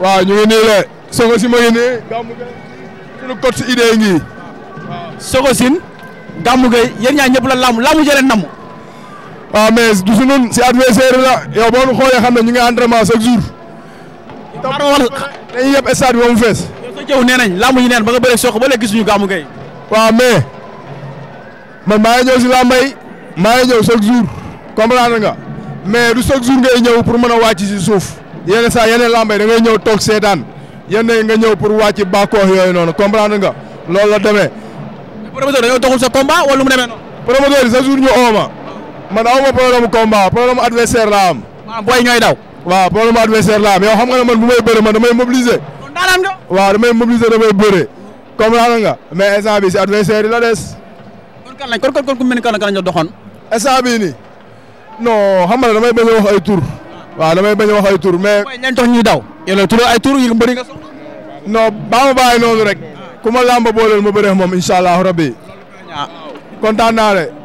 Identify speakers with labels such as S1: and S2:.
S1: waaw ñu ngi nii le Soko Sine ma ngi nii Gamou Gueye suñu coach idée ngi Soko Sine Gamou Gueye yéen ñaar ñëpp la laamu laamu jëlee namm waaw mais du suñu si adversaire la yow boo ñu xoolee xam ne ñu ngi entraînement chaque jour tam wal dañuy yëpp stade bi ba mu fees sa jëw nee nañ yi neen ba nga bëre Soko ba léegi gisuñu Gamou Gueye waaw mais man maa ngi ñëw si lambay maa ngi ñëw chaque jour comprendre nga mais du chaque jour ngay ñëw pour mën a wàcc si suuf yene sa yene lambe da ngay ñew tok sétane yene nga ñew pour wàcc bàkkoox yoy non comprendre nga loolu la démé promoteur dañu taxul sa combat wala mu démé non promoteur sa jour ñu ooma man aw ma problème combat problème adversaire la am. man ah, boy ñoy daw. wa problème adversaire la am yow xam nga man bu may bëre man damay mobiliser. kon nga. waaw damay mobiliser damay bëre. comprendre nga mais instant bi ci adversaire la dess kon kan lañ kon kon ku mel kan kan ñu doxone instant bi ni non xam nga damay bëgg wax ay tur. waaw damay bañ a wax ay tur mais. mooy ñan tax ñuy daw. a tudd ay tur yu bëri nga soxla. non baa ma noonu rek. ku ma làmb booleel ma bëree moom incha allah rabbi kontaan naa de.